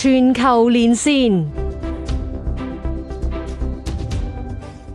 全球連線，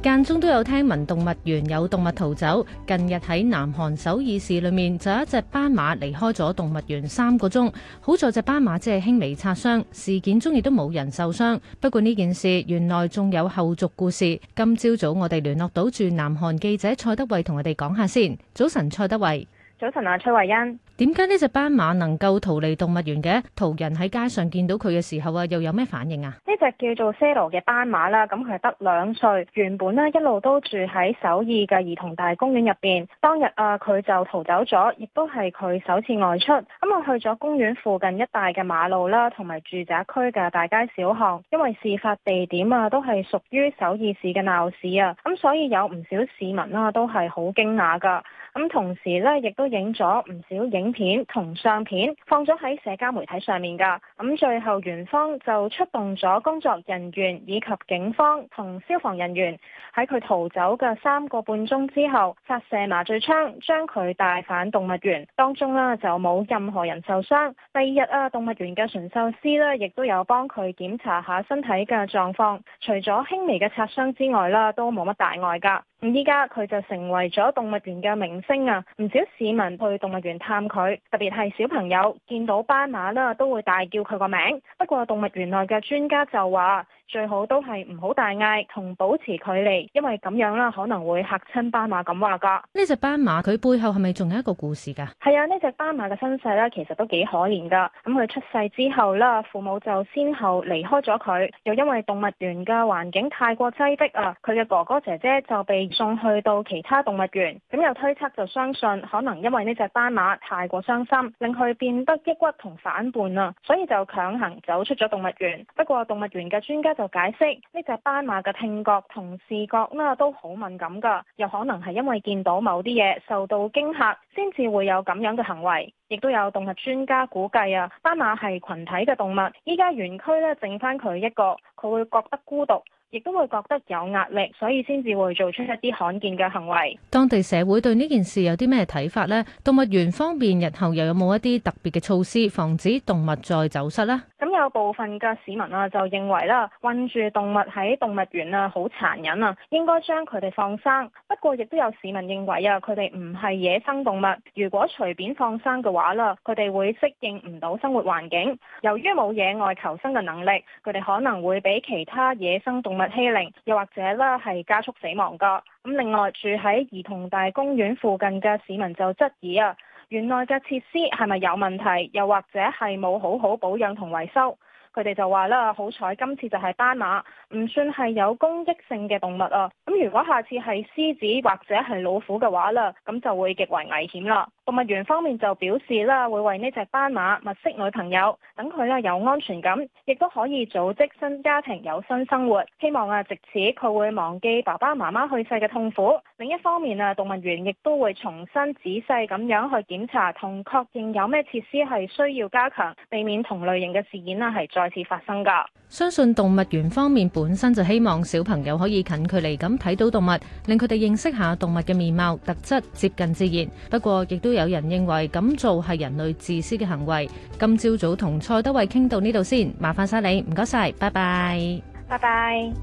間中都有聽聞動物園有動物逃走。近日喺南韓首爾市裏面，就有一隻斑馬離開咗動物園三個鐘。好在隻斑馬只係輕微擦傷，事件中亦都冇人受傷。不過呢件事，原來仲有後續故事。今朝早，早我哋聯絡到駐南韓記者蔡德蕙，同我哋講下先。早晨，蔡德蕙。早晨啊，崔蔚恩。點解呢隻斑馬能夠逃離動物園嘅？途人喺街上見到佢嘅時候啊，又有咩反應啊？呢隻叫做 Sero 嘅斑馬啦，咁佢得兩歲，原本呢，一路都住喺首爾嘅兒童大公園入邊。當日啊，佢就逃走咗，亦都係佢首次外出。咁啊，去咗公園附近一帶嘅馬路啦，同埋住宅區嘅大街小巷。因為事發地點啊，都係屬於首爾市嘅鬧市啊，咁所以有唔少市民啦，都係好驚訝噶。咁同時咧，亦都影咗唔少影片同相片，放咗喺社交媒體上面噶。咁最後園方就出動咗工作人員以及警方同消防人員，喺佢逃走嘅三個半鐘之後，發射麻醉槍將佢帶返動物園。當中呢，就冇任何人受傷。第二日啊，動物園嘅馴獸師呢，亦都有幫佢檢查下身體嘅狀況，除咗輕微嘅擦傷之外啦，都冇乜大礙噶。咁依家佢就成為咗動物園嘅明星啊！唔少市民去動物園探佢，特別係小朋友見到斑馬啦，都會大叫佢個名。不過動物園內嘅專家就話，最好都係唔好大嗌，同保持距離，因為咁樣啦，可能會嚇親斑馬咁話噶。呢隻斑馬佢背後係咪仲有一個故事噶？係啊，呢隻斑馬嘅身世咧，其實都幾可憐噶。咁佢出世之後啦，父母就先後離開咗佢，又因為動物園嘅環境太過擠逼啊，佢嘅哥哥姐姐就被送去到其他動物園。咁又推測就相信，可能因為呢隻斑馬太過傷心，令佢變得抑鬱同反叛啊，所以就強行走出咗動物園。不過動物園嘅專家。就解釋呢隻斑馬嘅聽覺同視覺啦都好敏感㗎，又可能係因為見到某啲嘢受到驚嚇，先至會有咁樣嘅行為。亦都有動物專家估計啊，斑馬係群體嘅動物，依家園區咧剩返佢一個，佢會覺得孤獨，亦都會覺得有壓力，所以先至會做出一啲罕見嘅行為。當地社會對呢件事有啲咩睇法呢？動物園方面日後又有冇一啲特別嘅措施防止動物再走失呢？咁有部分嘅市民啊，就認為啦，困住動物喺動物園啊，好殘忍啊，應該將佢哋放生。不過，亦都有市民認為啊，佢哋唔係野生動物，如果隨便放生嘅話啦，佢哋會適應唔到生活環境，由於冇野外求生嘅能力，佢哋可能會俾其他野生動物欺凌，又或者呢係加速死亡㗎。咁另外住喺兒童大公園附近嘅市民就質疑啊。園內嘅設施係咪有問題，又或者係冇好好保養同維修？佢哋就話啦：「好彩今次就係斑馬，唔算係有攻擊性嘅動物啊。」咁如果下次係獅子或者係老虎嘅話啦，咁就會極為危險啦。動物園方面就表示啦，會為呢隻斑馬物色女朋友，等佢咧有安全感，亦都可以組織新家庭，有新生活。希望啊，藉此佢會忘記爸爸媽媽去世嘅痛苦。另一方面啊，動物園亦都會重新仔細咁樣去檢查同確認有咩設施係需要加強，避免同類型嘅事件啊係再次發生噶。相信動物園方面本身就希望小朋友可以近距離咁睇到動物，令佢哋認識下動物嘅面貌、特質，接近自然。不過亦都。有人認為咁做係人類自私嘅行為。今朝早同蔡德蕙傾到呢度先，麻煩晒你，唔該晒，拜拜，拜拜。